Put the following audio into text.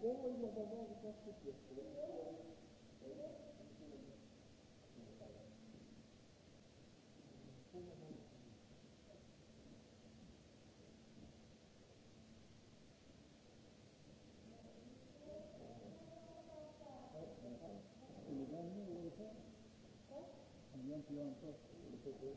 Какого я добавляю как существо? Thank you.